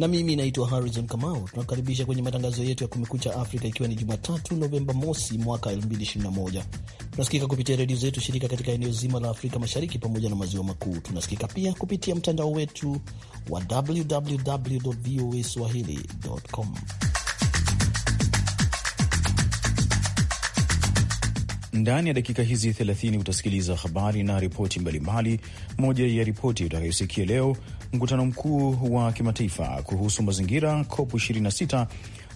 na mimi naitwa Harrison Kamau. Tunakaribisha kwenye matangazo yetu ya Kumekucha Afrika, ikiwa ni Jumatatu Novemba mosi mwaka 2021. Tunasikika kupitia redio zetu shirika katika eneo zima la Afrika Mashariki pamoja na maziwa makuu. Tunasikika pia kupitia mtandao wetu wa www voa swahili.com. Ndani ya dakika hizi 30 utasikiliza habari na ripoti mbalimbali. Moja ya ripoti utakayosikia leo, mkutano mkuu wa kimataifa kuhusu mazingira COP 26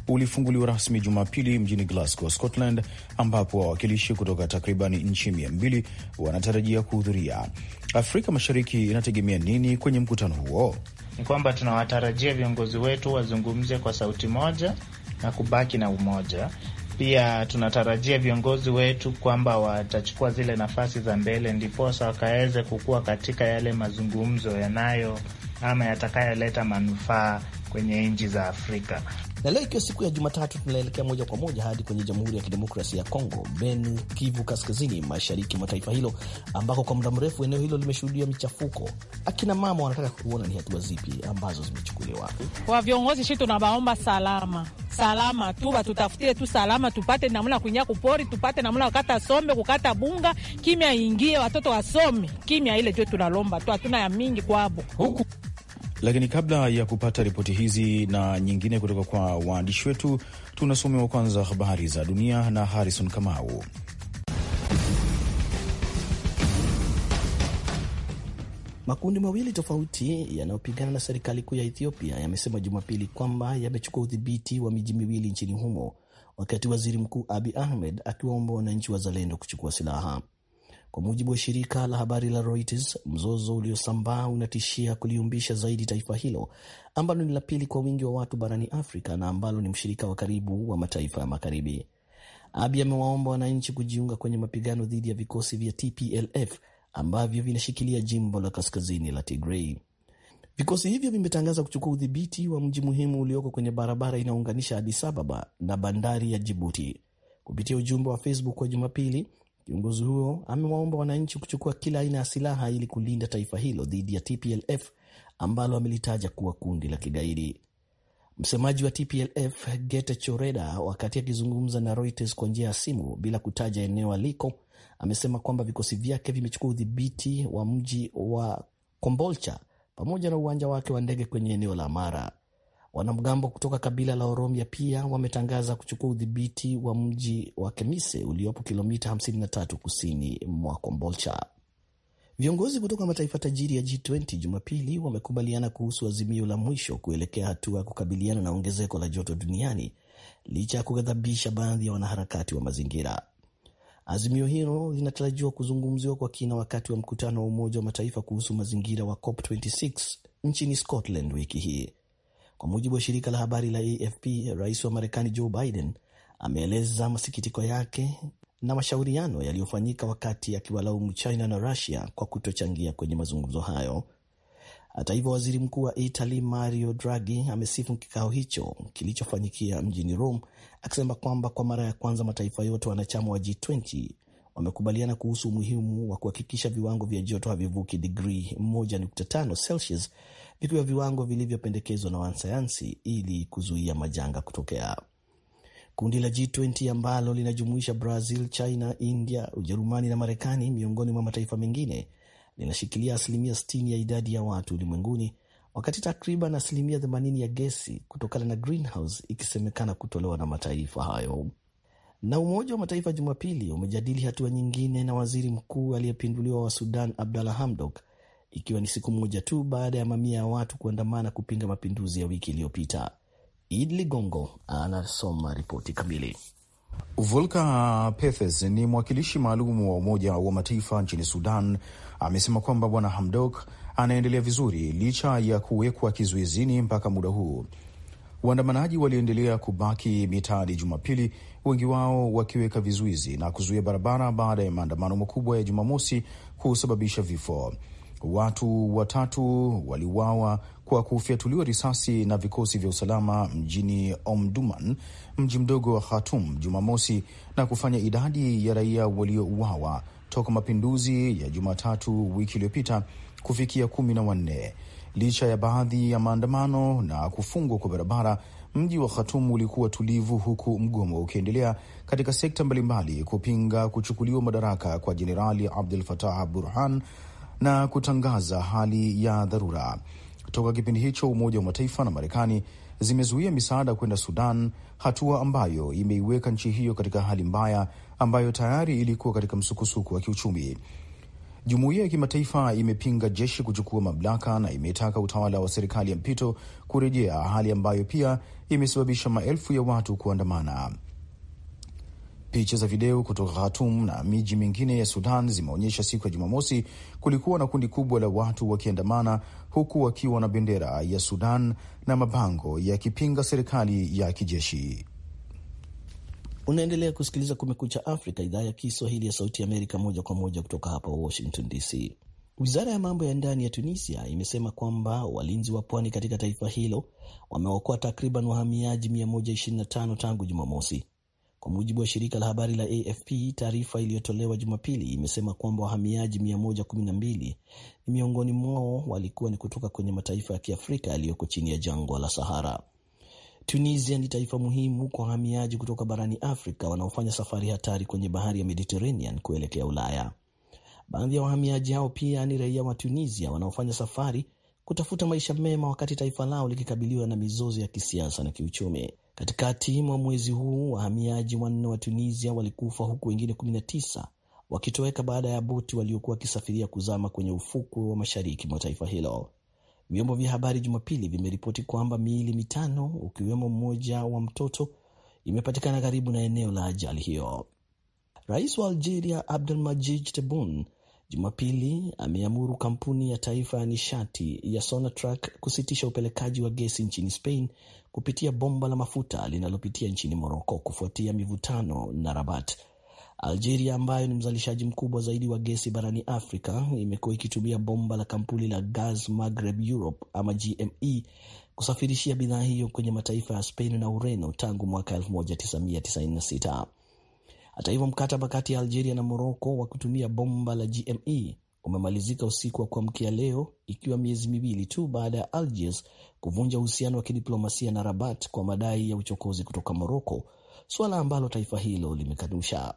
ulifunguliwa rasmi Jumapili mjini Glasgow, Scotland, ambapo wawakilishi kutoka takriban nchi mia mbili wanatarajia kuhudhuria. Afrika Mashariki inategemea nini kwenye mkutano huo? Ni kwamba tunawatarajia viongozi wetu wazungumze kwa sauti moja na kubaki na umoja pia tunatarajia viongozi wetu kwamba watachukua zile nafasi za mbele, ndiposa wakaweze kukua katika yale mazungumzo yanayo ama yatakayoleta manufaa kwenye nchi za Afrika. Na leo ikiwa siku ya Jumatatu, tunaelekea moja kwa moja hadi kwenye Jamhuri ya Kidemokrasia ya Kongo, Benu, Kivu Kaskazini, mashariki mwa taifa hilo, ambako kwa muda mrefu eneo hilo limeshuhudia michafuko. Akina mama wanataka kuona ni hatua zipi ambazo zimechukuliwa. Kwa viongozi shi tunabaomba salama salama tu, batutafutie tu salama, tupate namna kuingia kupori, tupate namna kukata sombe, kukata bunga, kimya ingie, watoto wasome kimya. Ile jo tunalomba tu, hatuna ya mingi kwabo huku. Lakini kabla ya kupata ripoti hizi na nyingine kutoka kwa waandishi wetu, tunasomewa kwanza habari za dunia na Harrison Kamau. Makundi mawili tofauti yanayopigana na serikali kuu ya Ethiopia yamesema Jumapili kwamba yamechukua udhibiti wa miji miwili nchini humo, wakati waziri mkuu Abi Ahmed akiwaomba wananchi wazalendo kuchukua silaha. Kwa mujibu wa shirika la habari la Reuters, mzozo uliosambaa unatishia kuliumbisha zaidi taifa hilo ambalo ni la pili kwa wingi wa watu barani Afrika na ambalo ni mshirika wa karibu wa mataifa ya Magharibi. Abi amewaomba wananchi kujiunga kwenye mapigano dhidi ya vikosi vya TPLF ambavyo vinashikilia jimbo la kaskazini la tigrei Vikosi hivyo vimetangaza kuchukua udhibiti wa mji muhimu ulioko kwenye barabara inayounganisha Addis Ababa na bandari ya jibuti Kupitia ujumbe wa Facebook wa Jumapili, kiongozi huo amewaomba wananchi kuchukua kila aina ya silaha ili kulinda taifa hilo dhidi ya TPLF ambalo amelitaja kuwa kundi la kigaidi. Msemaji wa TPLF gete choreda wakati akizungumza na Reuters kwa njia ya simu bila kutaja eneo aliko, amesema kwamba vikosi vyake vimechukua udhibiti wa mji wa Kombolcha pamoja na uwanja wake wa ndege kwenye eneo la Mara. Wanamgambo kutoka kabila la Oromia pia wametangaza kuchukua udhibiti wa mji wa Kemise uliopo kilomita 53 kusini mwa Kombolcha. Viongozi kutoka mataifa tajiri ya G20 Jumapili wamekubaliana kuhusu azimio la mwisho kuelekea hatua ya kukabiliana na ongezeko la joto duniani licha ya kughadhabisha baadhi ya wanaharakati wa mazingira. Azimio hilo linatarajiwa kuzungumziwa kwa kina wakati wa mkutano wa Umoja wa Mataifa kuhusu mazingira wa COP26 nchini Scotland wiki hii. Kwa mujibu wa shirika la habari la AFP, rais wa Marekani Joe Biden ameeleza masikitiko yake na mashauriano yaliyofanyika wakati akiwalaumu China na Russia kwa kutochangia kwenye mazungumzo hayo. Hata hivyo, waziri mkuu wa Italy Mario Draghi amesifu kikao hicho kilichofanyikia mjini Rome, akisema kwamba kwa mara ya kwanza mataifa yote wanachama wa G20 wamekubaliana kuhusu umuhimu wa kuhakikisha viwango vya joto havivuki digrii 1.5 Celsius, vikiwa viwango vilivyopendekezwa na wanasayansi ili kuzuia majanga kutokea. Kundi la G20 ambalo linajumuisha Brazil, China, India, Ujerumani na Marekani miongoni mwa mataifa mengine linashikilia asilimia 60 ya idadi ya watu ulimwenguni, wakati takriban asilimia 80 ya gesi kutokana na greenhouse ikisemekana kutolewa na mataifa hayo. Na Umoja wa Mataifa Jumapili umejadili hatua nyingine na waziri mkuu aliyepinduliwa wa Sudan Abdalla Hamdok, ikiwa ni siku moja tu baada ya mamia ya watu kuandamana kupinga mapinduzi ya wiki iliyopita. Id Ligongo anasoma ripoti kamili. volka pethes ni mwakilishi maalum wa Umoja wa Mataifa nchini Sudan amesema kwamba Bwana Hamdok anaendelea vizuri licha ya kuwekwa kizuizini mpaka muda huu. Waandamanaji waliendelea kubaki mitaani Jumapili, wengi wao wakiweka vizuizi na kuzuia barabara baada ya maandamano makubwa ya Jumamosi kusababisha vifo. Watu watatu waliuawa kwa kufyatuliwa risasi na vikosi vya usalama mjini omduman mji mdogo wa Khartoum, Jumamosi, na kufanya idadi ya raia waliouawa toka mapinduzi ya Jumatatu wiki iliyopita kufikia kumi na wanne. Licha ya baadhi ya maandamano na kufungwa kwa barabara, mji wa Khartoum ulikuwa tulivu, huku mgomo ukiendelea katika sekta mbalimbali kupinga kuchukuliwa madaraka kwa Jenerali abdul Fatah Burhan na kutangaza hali ya dharura. Toka kipindi hicho, Umoja wa Mataifa na Marekani zimezuia misaada kwenda Sudan, hatua ambayo imeiweka nchi hiyo katika hali mbaya ambayo tayari ilikuwa katika msukosuko wa kiuchumi. Jumuiya ya kimataifa imepinga jeshi kuchukua mamlaka na imetaka utawala wa serikali ya mpito kurejea, hali ambayo pia imesababisha maelfu ya watu kuandamana. Picha za video kutoka Khartoum na miji mingine ya Sudan zimeonyesha siku ya Jumamosi kulikuwa na kundi kubwa la watu wakiandamana, huku wakiwa na bendera ya Sudan na mabango yakipinga serikali ya kijeshi. Unaendelea kusikiliza Kumekucha Afrika, idhaa ya Kiswahili ya Sauti ya Amerika, moja kwa moja kutoka hapa Washington DC. Wizara ya mambo ya ndani ya Tunisia imesema kwamba walinzi wa pwani katika taifa hilo wameokoa takriban wahamiaji 125 tangu Jumamosi kwa mujibu wa shirika la habari la AFP, taarifa iliyotolewa Jumapili imesema kwamba wahamiaji 112 ni miongoni mwao walikuwa ni kutoka kwenye mataifa ya Kiafrika yaliyoko chini ya jangwa la Sahara. Tunisia ni taifa muhimu kwa wahamiaji kutoka barani Afrika wanaofanya safari hatari kwenye bahari ya Mediterranean kuelekea Ulaya. Baadhi ya wahamiaji hao pia ni raia wa Tunisia wanaofanya safari kutafuta maisha mema, wakati taifa lao likikabiliwa na mizozo ya kisiasa na kiuchumi. Katikati mwa mwezi huu wahamiaji wanne wa Tunisia walikufa huku wengine 19 wakitoweka baada ya boti waliokuwa wakisafiria kuzama kwenye ufukwe wa mashariki mwa taifa hilo. Vyombo vya habari Jumapili vimeripoti kwamba miili mitano, ukiwemo mmoja wa mtoto, imepatikana karibu na eneo la ajali hiyo. Rais wa Algeria Abdelmadjid Tebboune Jumapili ameamuru kampuni ya taifa ya nishati ya Sonatrach kusitisha upelekaji wa gesi nchini Spain kupitia bomba la mafuta linalopitia nchini moroko kufuatia mivutano na Rabat. Algeria ambayo ni mzalishaji mkubwa zaidi wa gesi barani Afrika imekuwa ikitumia bomba la kampuni la Gaz Maghreb Europe ama GME kusafirishia bidhaa hiyo kwenye mataifa ya Spain na Ureno tangu mwaka 1996. Hata hivyo, mkataba kati ya Algeria na Moroko wa kutumia bomba la GME umemalizika usiku wa kuamkia leo, ikiwa miezi miwili tu baada ya Algiers kuvunja uhusiano wa kidiplomasia na Rabat kwa madai ya uchokozi kutoka Moroko, suala ambalo taifa hilo limekanusha.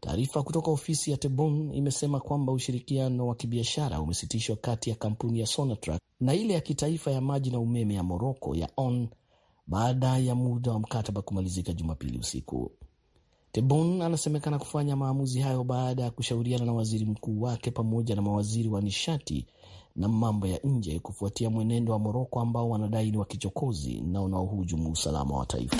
Taarifa kutoka ofisi ya Tebon imesema kwamba ushirikiano wa kibiashara umesitishwa kati ya kampuni ya Sonatrach na ile ya kitaifa ya maji na umeme ya Moroko ya ON baada ya muda wa mkataba kumalizika Jumapili usiku tebon anasemekana kufanya maamuzi hayo baada ya kushauriana na waziri mkuu wake pamoja na mawaziri wa nishati na mambo ya nje kufuatia mwenendo wa Moroko ambao wanadai ni wa kichokozi na unaohujumu usalama wa taifa.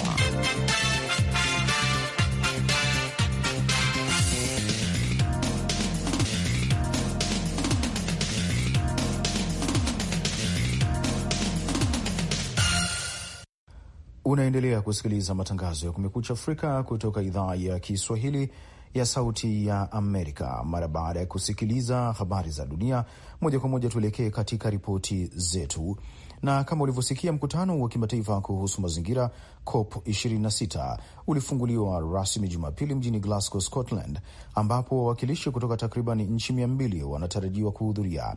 Unaendelea kusikiliza matangazo ya Kumekucha Afrika kutoka idhaa ya Kiswahili ya Sauti ya Amerika. Mara baada ya kusikiliza habari za dunia moja kwa moja, tuelekee katika ripoti zetu, na kama ulivyosikia, mkutano wa kimataifa kuhusu mazingira COP 26 ulifunguliwa rasmi Jumapili mjini Glasgow, Scotland, ambapo wawakilishi kutoka takriban nchi mia mbili wanatarajiwa kuhudhuria.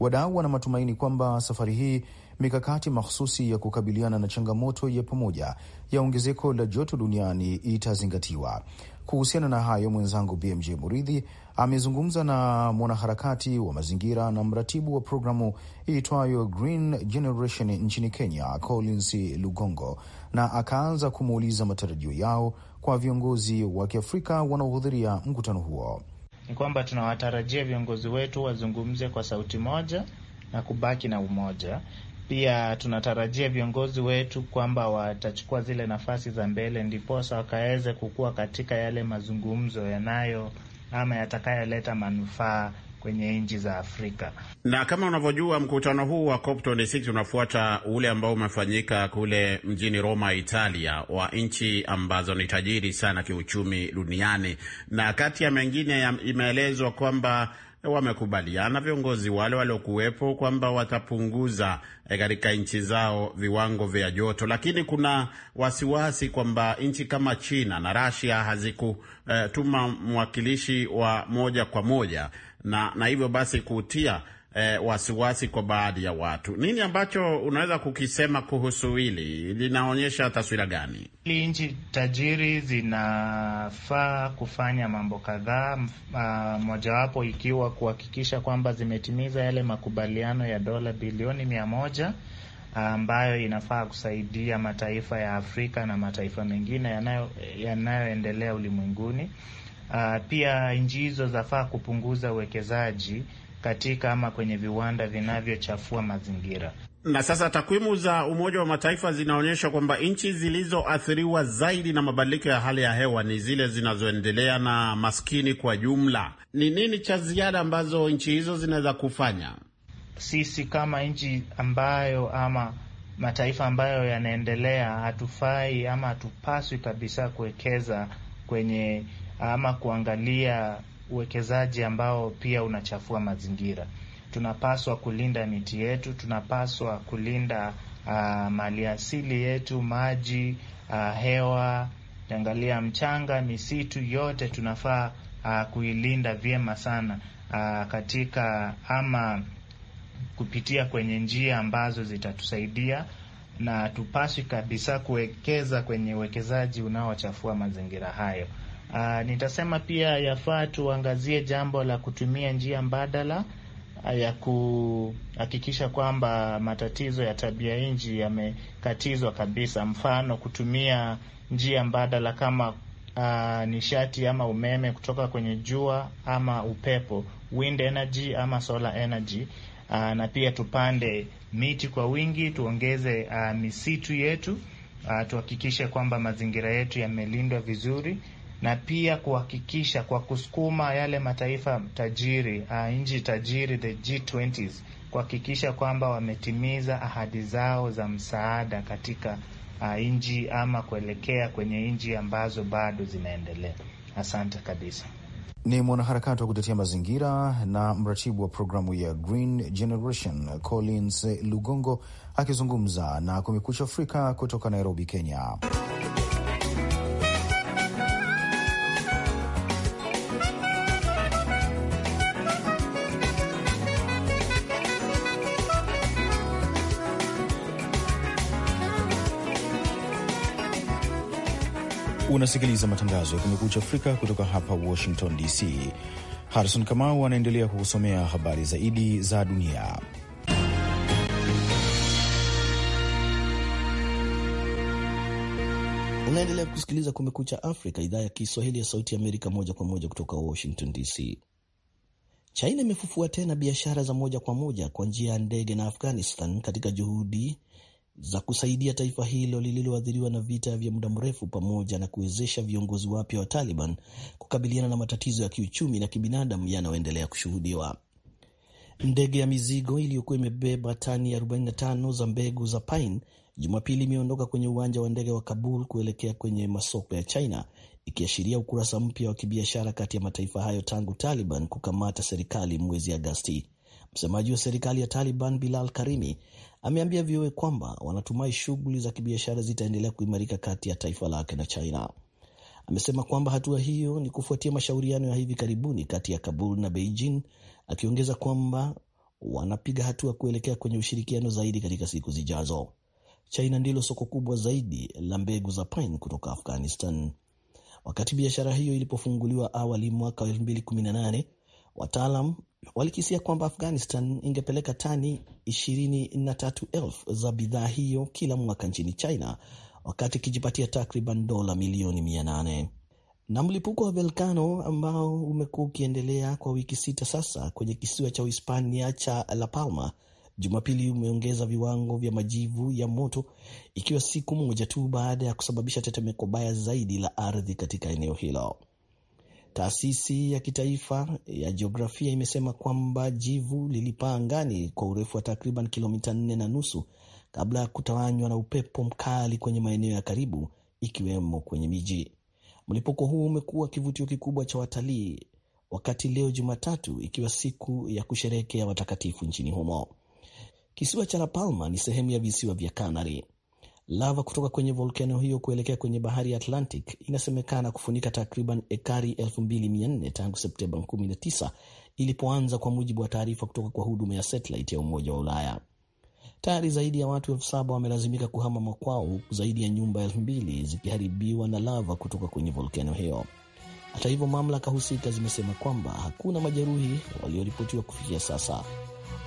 Wadau wana matumaini kwamba safari hii mikakati mahususi ya kukabiliana na changamoto ya pamoja ya ongezeko la joto duniani itazingatiwa. Kuhusiana na hayo, mwenzangu BMJ Muridhi amezungumza na mwanaharakati wa mazingira na mratibu wa programu iitwayo Green Generation nchini Kenya, Collins Lugongo, na akaanza kumuuliza matarajio yao kwa viongozi wa Kiafrika wanaohudhuria mkutano huo. Ni kwamba tunawatarajia viongozi wetu wazungumze kwa sauti moja na kubaki na umoja pia tunatarajia viongozi wetu kwamba watachukua zile nafasi za mbele, ndiposa wakaweze kukua katika yale mazungumzo yanayo ama yatakayoleta manufaa kwenye nchi za Afrika. Na kama unavyojua, mkutano huu wa COP26 unafuata ule ambao umefanyika kule mjini Roma, Italia, wa nchi ambazo ni tajiri sana kiuchumi duniani, na kati ya mengine imeelezwa kwamba wamekubaliana viongozi wale waliokuwepo kwamba watapunguza eh, katika nchi zao viwango vya joto, lakini kuna wasiwasi kwamba nchi kama China na Russia hazikutuma eh, mwakilishi wa moja kwa moja na, na hivyo basi kutia eh, wasiwasi kwa baadhi ya watu. Nini ambacho unaweza kukisema kuhusu hili? Linaonyesha taswira gani? Hili nchi tajiri zinafaa kufanya mambo kadhaa, ah, mojawapo ikiwa kuhakikisha kwamba zimetimiza yale makubaliano ya dola bilioni mia moja ambayo inafaa kusaidia mataifa ya Afrika na mataifa mengine yanayoendelea yanayo ulimwenguni. Uh, pia nchi hizo zafaa kupunguza uwekezaji katika ama kwenye viwanda vinavyochafua mazingira. Na sasa takwimu za Umoja wa Mataifa zinaonyesha kwamba nchi zilizoathiriwa zaidi na mabadiliko ya hali ya hewa ni zile zinazoendelea na maskini kwa jumla. Ni nini cha ziada ambazo nchi hizo zinaweza kufanya? Sisi kama nchi ambayo ama mataifa ambayo yanaendelea hatufai ama hatupaswi kabisa kuwekeza kwenye ama kuangalia uwekezaji ambao pia unachafua mazingira. Tunapaswa kulinda miti yetu, tunapaswa kulinda uh, mali asili yetu, maji, uh, hewa, angalia mchanga, misitu yote tunafaa uh, kuilinda vyema sana uh, katika ama kupitia kwenye njia ambazo zitatusaidia na tupaswi kabisa kuwekeza kwenye uwekezaji unaochafua mazingira hayo. Aa, ah, nitasema pia yafaa tuangazie jambo la kutumia njia mbadala ah, ya kuhakikisha kwamba matatizo ya tabia nchi yamekatizwa kabisa. Mfano, kutumia njia mbadala kama Uh, nishati ama umeme kutoka kwenye jua ama upepo, wind energy ama solar energy. Uh, na pia tupande miti kwa wingi, tuongeze uh, misitu yetu uh, tuhakikishe kwamba mazingira yetu yamelindwa vizuri na pia kuhakikisha kwa kusukuma yale mataifa tajiri, ah, nchi tajiri, the G20 kuhakikisha kwamba wametimiza ahadi zao za msaada katika ah, nchi ama kuelekea kwenye nchi ambazo bado zinaendelea. Asante kabisa. Ni mwanaharakati wa kutetea mazingira na mratibu wa programu ya Green Generation Collins Lugongo akizungumza na Kumekucha Afrika kutoka Nairobi, Kenya. Unasikiliza matangazo ya Kumekucha Afrika kutoka hapa Washington DC. Harrison Kamau anaendelea kukusomea habari zaidi za dunia. Unaendelea kusikiliza Kumekucha Afrika, idhaa ya Kiswahili ya Sauti ya Amerika, moja kwa moja kutoka Washington DC. China imefufua tena biashara za moja kwa moja kwa njia ya ndege na Afghanistan katika juhudi za kusaidia taifa hilo lililoathiriwa na vita vya muda mrefu pamoja na kuwezesha viongozi wapya wa Taliban kukabiliana na matatizo ya kiuchumi na kibinadamu yanayoendelea kushuhudiwa. Ndege ya mizigo iliyokuwa imebeba tani 45 za mbegu za pine Jumapili imeondoka kwenye uwanja wa ndege wa Kabul kuelekea kwenye masoko ya China, ikiashiria ukurasa mpya wa kibiashara kati ya mataifa hayo tangu Taliban kukamata serikali mwezi Agasti. Msemaji wa serikali ya Taliban Bilal Karimi ameambia VOA kwamba wanatumai shughuli za kibiashara zitaendelea kuimarika kati ya taifa lake na China. Amesema kwamba hatua hiyo ni kufuatia mashauriano ya hivi karibuni kati ya Kabul na Beijing, akiongeza kwamba wanapiga hatua kuelekea kwenye ushirikiano zaidi katika siku zijazo. China ndilo soko kubwa zaidi la mbegu za pine kutoka Afghanistan. Wakati biashara hiyo ilipofunguliwa awali mwaka 2018, wataalam walikisia kwamba Afghanistan ingepeleka tani 23,000 za bidhaa hiyo kila mwaka nchini China wakati ikijipatia takriban dola milioni 800. Na mlipuko wa volkano ambao umekuwa ukiendelea kwa wiki sita sasa kwenye kisiwa cha Uhispania cha La Palma Jumapili umeongeza viwango vya majivu ya moto ikiwa siku moja tu baada ya kusababisha tetemeko baya zaidi la ardhi katika eneo hilo. Taasisi ya Kitaifa ya Jiografia imesema kwamba jivu lilipaa angani kwa urefu wa takriban kilomita nne na nusu kabla ya kutawanywa na upepo mkali kwenye maeneo ya karibu ikiwemo kwenye miji. Mlipuko huu umekuwa kivutio kikubwa cha watalii, wakati leo Jumatatu ikiwa siku ya kusherehekea watakatifu nchini humo. Kisiwa cha La Palma ni sehemu ya visiwa vya Kanari. Lava kutoka kwenye volkano hiyo kuelekea kwenye bahari ya Atlantic inasemekana kufunika takriban ekari 2400 tangu Septemba 19 ilipoanza, kwa mujibu wa taarifa kutoka kwa huduma ya satellite ya Umoja wa Ulaya. Tayari zaidi ya watu elfu saba wamelazimika kuhama makwao, huku zaidi ya nyumba elfu mbili zikiharibiwa na lava kutoka kwenye volkano hiyo. Hata hivyo, mamlaka husika zimesema kwamba hakuna majeruhi walioripotiwa kufikia sasa.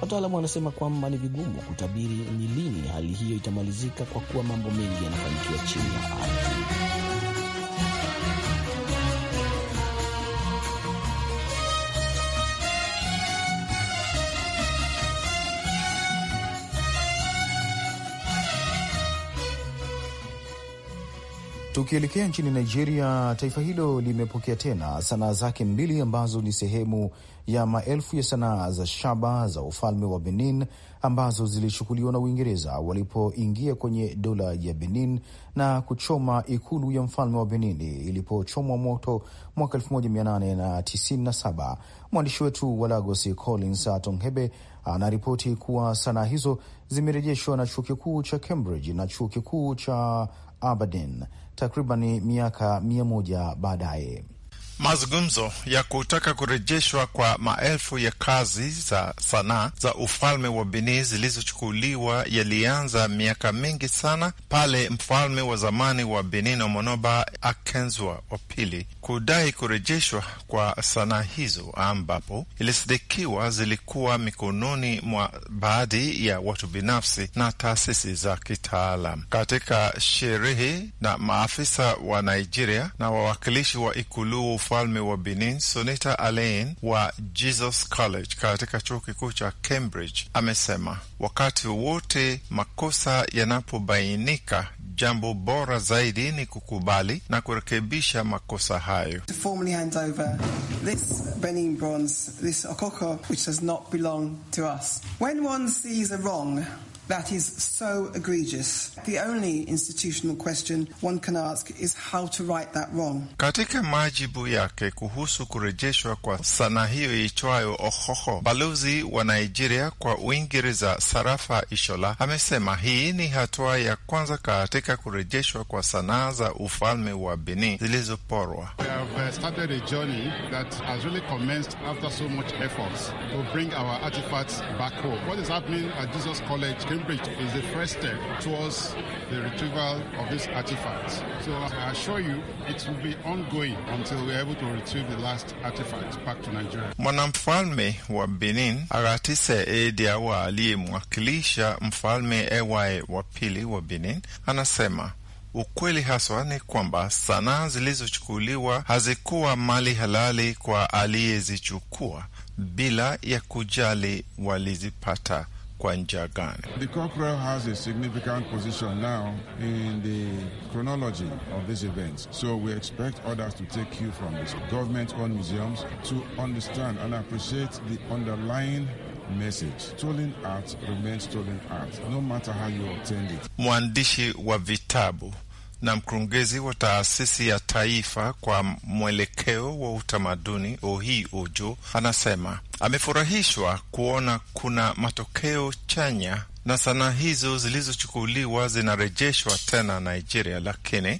Wataalamu wanasema kwamba ni vigumu kutabiri ni lini hali hiyo itamalizika kwa kuwa mambo mengi yanafanikiwa chini ya ardhi. Tukielekea nchini Nigeria, taifa hilo limepokea tena sanaa zake mbili ambazo ni sehemu ya maelfu ya sanaa za shaba za ufalme wa Benin ambazo zilichukuliwa na Uingereza walipoingia kwenye dola ya Benin na kuchoma ikulu ya mfalme wa Benin ilipochomwa moto mwaka 1897. Mwandishi wetu wa Lagos Collins Atonghebe anaripoti kuwa sanaa hizo zimerejeshwa na chuo kikuu cha Cambridge na chuo kikuu cha Aberdeen takriban miaka mia moja baadaye. Mazungumzo ya kutaka kurejeshwa kwa maelfu ya kazi za sanaa za ufalme wa Benin zilizochukuliwa yalianza miaka mingi sana pale mfalme wa zamani wa Benin Omonoba Akenzwa wa pili kudai kurejeshwa kwa sanaa hizo ambapo ilisadikiwa zilikuwa mikononi mwa baadhi ya watu binafsi na taasisi za kitaalam. Katika sherehe na maafisa wa Nigeria na wawakilishi wa ikulu wa ufalme wa Benin, Sonita Alain wa Jesus College katika chuo kikuu cha Cambridge amesema wakati wote makosa yanapobainika, jambo bora zaidi ni kukubali na kurekebisha makosa hayo. Ohio. To formally hand over this Benin bronze, this Okoko, which does not belong to us. When one sees a wrong that is so egregious. The only institutional question one can ask is how to right that wrong. Katika majibu yake kuhusu kurejeshwa kwa sanaa hiyo iitwayo Ohoho, balozi wa Nigeria kwa Uingereza Sarafa Ishola amesema hii ni hatua ya kwanza katika kurejeshwa kwa sanaa za ufalme wa Benin zilizoporwa. So impeached is the first step towards the retrieval of these artifacts. So I assure you, it will be ongoing until we are able to retrieve the last artifact back to Nigeria. Mwanamfalme wa Benin Agatise Ediawa aliyemwakilisha mfalme Ey wa pili wa Benin anasema Ukweli haswa ni kwamba sanaa zilizochukuliwa hazikuwa mali halali kwa aliyezichukua, bila ya kujali walizipata kwa The corporal has a significant position now in the chronology of these events, so we expect others to take cue from this government-owned museums to understand and appreciate the underlying message. Stolen art remains stolen art, no matter how you obtained it. Mwandishi wa vitabu na mkurugenzi wa taasisi ya taifa kwa mwelekeo wa utamaduni Ohi Uju anasema amefurahishwa kuona kuna matokeo chanya na sanaa hizo zilizochukuliwa zinarejeshwa tena Nigeria, lakini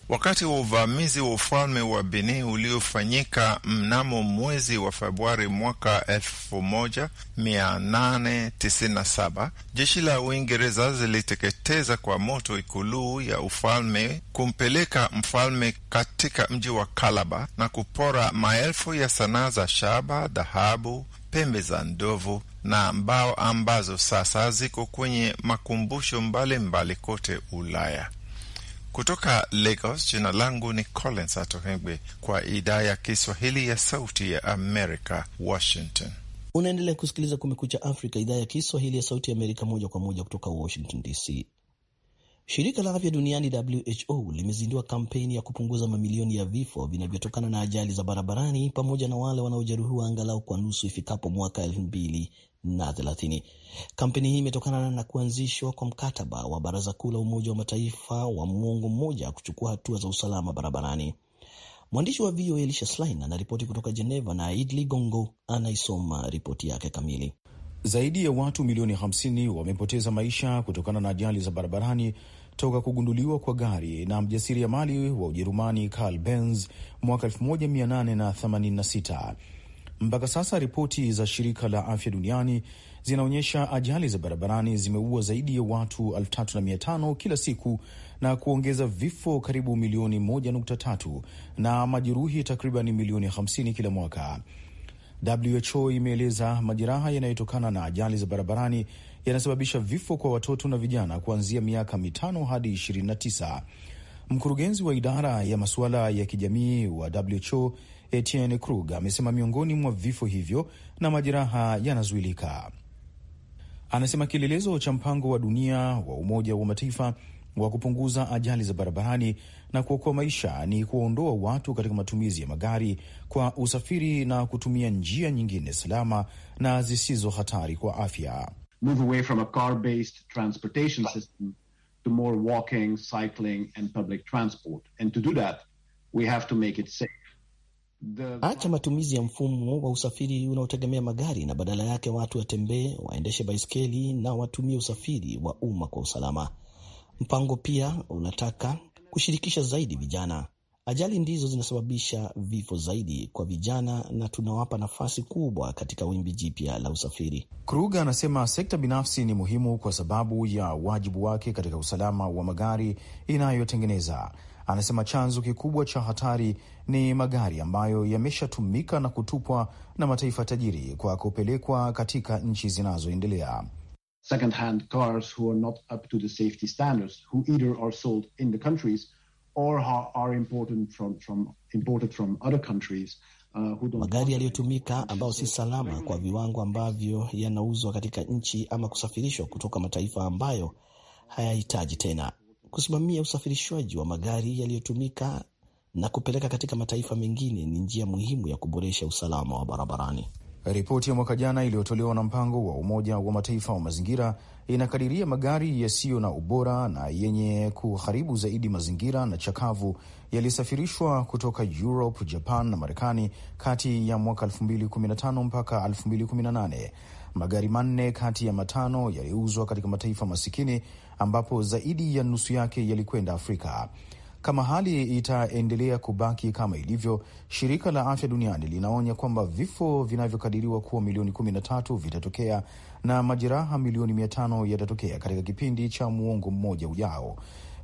wakati wa uvamizi wa ufalme wa Benin uliofanyika mnamo mwezi wa Februari mwaka 1897, jeshi la Uingereza ziliteketeza kwa moto ikulu ya ufalme, kumpeleka mfalme katika mji wa Kalaba na kupora maelfu ya sanaa za shaba, dhahabu, pembe za ndovu na mbao ambazo sasa ziko kwenye makumbusho mbalimbali mbali kote Ulaya. Kutoka Lagos, jina langu ni Collins Atohengwe kwa idhaa ya Kiswahili ya Sauti ya Amerika, Washington. Unaendelea kusikiliza Kumekucha Afrika, idhaa ya Kiswahili ya Sauti ya Amerika, moja kwa moja kutoka Washington DC. Shirika la Afya Duniani, WHO, limezindua kampeni ya kupunguza mamilioni ya vifo vinavyotokana na ajali za barabarani pamoja na wale wanaojeruhiwa angalau kwa nusu ifikapo mwaka 2030 na thelathini. Kampeni hii imetokana na kuanzishwa kwa mkataba wa Baraza Kuu la Umoja wa Mataifa wa mwongo mmoja kuchukua hatua za usalama barabarani. Mwandishi wa VOA Elisha Slin anaripoti kutoka Geneva na Id Ligongo anaisoma ripoti yake kamili. Zaidi ya watu milioni 50 wamepoteza maisha kutokana na ajali za barabarani toka kugunduliwa kwa gari na mjasiriamali wa Ujerumani Karl Benz mwaka 1886. Mpaka sasa ripoti za shirika la afya duniani zinaonyesha ajali za barabarani zimeua zaidi ya watu 35 kila siku na kuongeza vifo karibu milioni 1.3 na majeruhi takriban milioni 50 kila mwaka. WHO imeeleza majeraha yanayotokana na ajali za barabarani yanasababisha vifo kwa watoto na vijana kuanzia miaka mitano hadi 29. Mkurugenzi wa idara ya masuala ya kijamii wa WHO Etienne Krug amesema miongoni mwa vifo hivyo na majeraha yanazuilika. Anasema kielelezo cha mpango wa dunia wa Umoja wa Mataifa wa kupunguza ajali za barabarani na kuokoa maisha ni kuwaondoa watu katika matumizi ya magari kwa usafiri na kutumia njia nyingine salama na zisizo hatari kwa afya. Move away from a car-based transportation system to more walking, cycling and public transport. And to do that, we have to make it safe. Acha matumizi ya mfumo wa usafiri unaotegemea magari na badala yake watu watembee, waendeshe baiskeli na watumie usafiri wa umma kwa usalama. Mpango pia unataka kushirikisha zaidi vijana. Ajali ndizo zinasababisha vifo zaidi kwa vijana na tunawapa nafasi kubwa katika wimbi jipya la usafiri. Kruga anasema sekta binafsi ni muhimu kwa sababu ya wajibu wake katika usalama wa magari inayotengeneza anasema chanzo kikubwa cha hatari ni magari ambayo yameshatumika na kutupwa na mataifa tajiri kwa kupelekwa katika nchi zinazoendelea. magari yaliyotumika ambayo si salama kwa viwango ambavyo yanauzwa katika nchi ama kusafirishwa kutoka mataifa ambayo hayahitaji tena. Kusimamia usafirishwaji wa magari yaliyotumika na kupeleka katika mataifa mengine ni njia muhimu ya kuboresha usalama wa barabarani. Ripoti ya mwaka jana iliyotolewa na mpango wa Umoja wa Mataifa wa mazingira inakadiria magari yasiyo na ubora na yenye kuharibu zaidi mazingira na chakavu yalisafirishwa kutoka Europe, Japan na Marekani kati ya mwaka 2015 mpaka 2018. Magari manne kati ya matano yaliuzwa katika mataifa masikini ambapo zaidi ya nusu yake yalikwenda Afrika. Kama hali itaendelea kubaki kama ilivyo, shirika la afya duniani linaonya kwamba vifo vinavyokadiriwa kuwa milioni 13 vitatokea na majeraha milioni 500 yatatokea katika kipindi cha muongo mmoja ujao.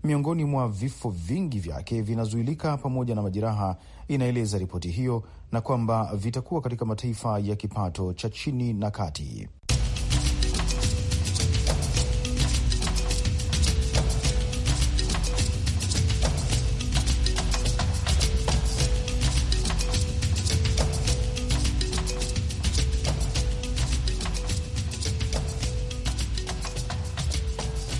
Miongoni mwa vifo vingi vyake vinazuilika pamoja na majeraha, inaeleza ripoti hiyo, na kwamba vitakuwa katika mataifa ya kipato cha chini na kati.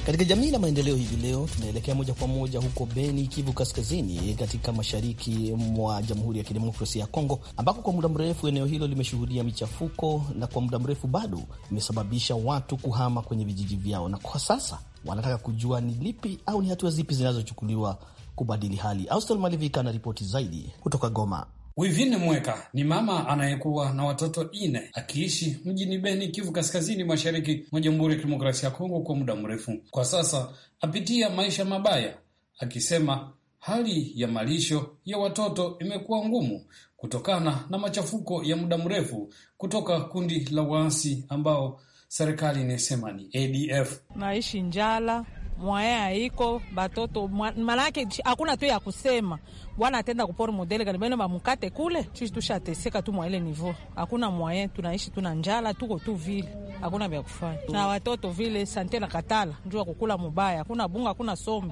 Katika jamii na maendeleo hivi leo tunaelekea moja kwa moja huko Beni, Kivu Kaskazini, katika mashariki mwa Jamhuri ya Kidemokrasia ya Kongo, ambako kwa muda mrefu eneo hilo limeshuhudia michafuko na kwa muda mrefu bado imesababisha watu kuhama kwenye vijiji vyao, na kwa sasa wanataka kujua ni lipi au ni hatua zipi zinazochukuliwa kubadili hali. Austel Malivika ana ripoti zaidi kutoka Goma. Wivine Mweka ni mama anayekuwa na watoto ine akiishi mjini Beni, Kivu Kaskazini, mashariki mwa Jamhuri ya Kidemokrasia ya Kongo kwa muda mrefu. Kwa sasa apitia maisha mabaya, akisema hali ya malisho ya watoto imekuwa ngumu kutokana na machafuko ya muda mrefu kutoka kundi la waasi ambao serikali inasema ni ADF. Naishi njala mwaya haiko batoto manake hakuna tu ya kusema bwana atenda kupora modele kanibano bamukate kule chishi, tushateseka tu mwaile nivo, hakuna mwaya, tunaishi tuna njala, tuko tu vile, hakuna vya kufanya na watoto vile sante na katala njua kukula mubaya, hakuna bunga, hakuna somi,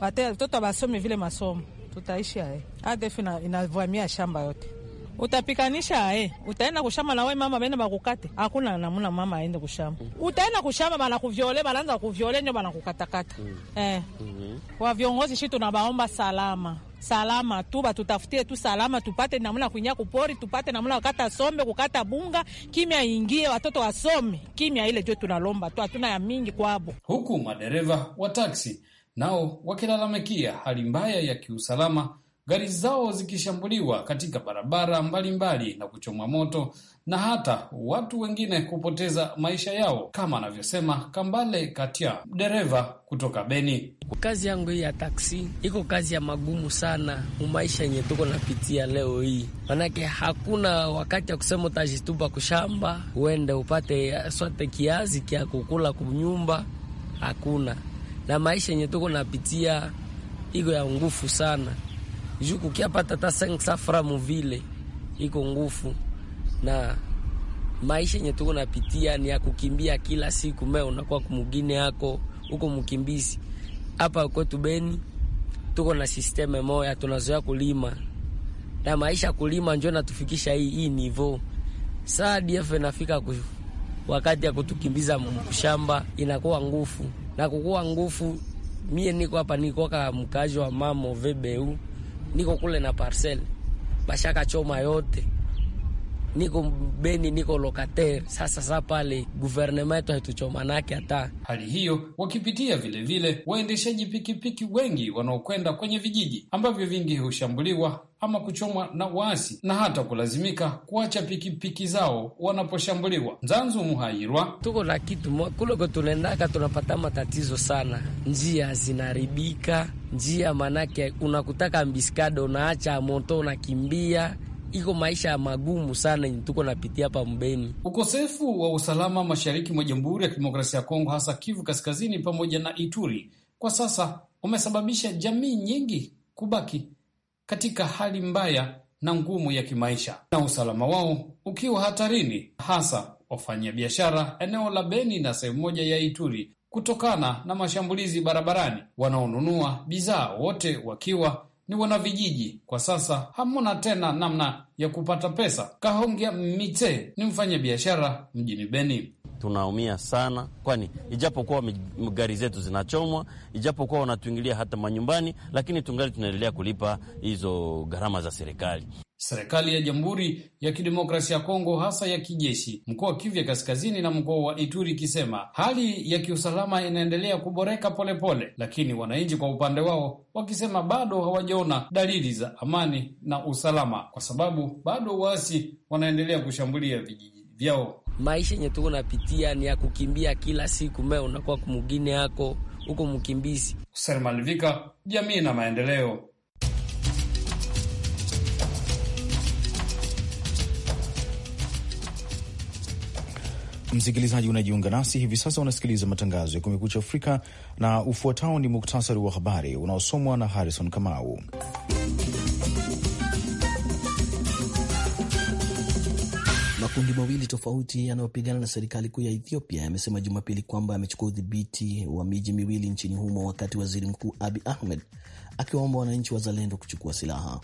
watoto basome vile masomo, tutaishi ae adefu inavamia shamba yote utapikanisha ae eh? utaenda kushama na we mama benda bakukate, hakuna namuna mama aende kushama mm. utaenda kushama bana kuvyole balanza kuvyole nyo bana kukatakata mm. eh mm -hmm. wa viongozi shi tunabaomba salama salama tu batutafutie tu salama, tupate namuna kuingia kupori, tupate namuna kukata sombe, kukata bunga, kimya ingie, watoto wasome kimya. Ile jo tunalomba tu, hatuna ya mingi kwabo. Huku madereva wa taksi nao wakilalamikia hali mbaya ya kiusalama gari zao zikishambuliwa katika barabara mbalimbali mbali na kuchomwa moto na hata watu wengine kupoteza maisha yao, kama anavyosema Kambale Katia, dereva kutoka Beni. Kazi yangu hii ya taksi iko kazi ya magumu sana mumaisha yenye tuko napitia leo hii, manake hakuna wakati ya kusema utajitupa kushamba uende upate swate kiazi kya kukula kunyumba, hakuna na maisha yenye tuko napitia iko ya ngufu sana juu kukiapata hata 5 safra vile iko ngufu, na maisha yenye tuko napitia ni ya kukimbia kila siku. Mimi unakuwa kumugine yako huko mkimbizi. Hapa kwetu Beni tuko na sisteme moya, tunazoea kulima na maisha kulima njo natufikisha hii hii nivo. Saa DF nafika ku, wakati ya kutukimbiza mshamba inakuwa ngufu na kukuwa ngufu. Mie niko hapa niko kama mkazi wa mamo vebeu niko kule na parcel bashaka choma yote, niko Beni, niko lokater sasa. Saa pale guvernema yetu nake hata hali hiyo. Wakipitia vilevile waendeshaji pikipiki wengi wanaokwenda kwenye vijiji ambavyo vingi hushambuliwa ama kuchomwa na waasi na hata kulazimika kuacha pikipiki zao wanaposhambuliwa. nzanzu Muhairwa: tuko na kitu kuloko tunaendaka, tunapata matatizo sana, njia zinaribika njia manake unakutaka mbiskado, unaacha moto, unakimbia iko maisha magumu sana yenye tuko napitia hapa Mbeni. Ukosefu wa usalama mashariki mwa Jamhuri ya Kidemokrasia ya Kongo, hasa Kivu Kaskazini pamoja na Ituri, kwa sasa umesababisha jamii nyingi kubaki katika hali mbaya na ngumu ya kimaisha na usalama wao ukiwa hatarini, hasa wafanyabiashara eneo la Beni na sehemu moja ya Ituri kutokana na mashambulizi barabarani. Wanaonunua bidhaa wote wakiwa ni wanavijiji. Kwa sasa hamuna tena namna ya kupata pesa. Kahongia Mite ni mfanyabiashara mjini Beni tunaumia sana, kwani ijapokuwa gari zetu zinachomwa, ijapokuwa wanatuingilia hata manyumbani, lakini tungali tunaendelea kulipa hizo gharama za serikali. Serikali ya Jamhuri ya Kidemokrasia ya Kongo, hasa ya kijeshi, mkoa wa Kivu Kaskazini na mkoa wa Ituri ikisema hali ya kiusalama inaendelea kuboreka polepole pole, lakini wananchi kwa upande wao wakisema bado hawajaona dalili za amani na usalama, kwa sababu bado waasi wanaendelea kushambulia vijiji vyao maisha yenye tuko napitia ni ya kukimbia kila siku, me unakuwa kumugine yako huko mkimbizi. Sermalivika, jamii na maendeleo. Msikilizaji unajiunga nasi hivi sasa, unasikiliza matangazo ya Kumekucha Afrika na ufuatao ni muktasari wa habari unaosomwa na Harrison Kamau. Makundi mawili tofauti yanayopigana na serikali kuu ya Ethiopia yamesema Jumapili kwamba yamechukua udhibiti wa miji miwili nchini humo, wakati waziri mkuu Abi Ahmed akiwaomba wananchi wazalendo kuchukua silaha.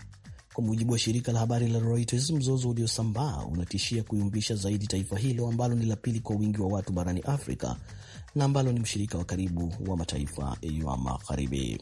Kwa mujibu wa shirika la habari la Reuters, mzozo uliosambaa unatishia kuyumbisha zaidi taifa hilo ambalo ni la pili kwa wingi wa watu barani Afrika na ambalo ni mshirika wa karibu wa mataifa ya magharibi.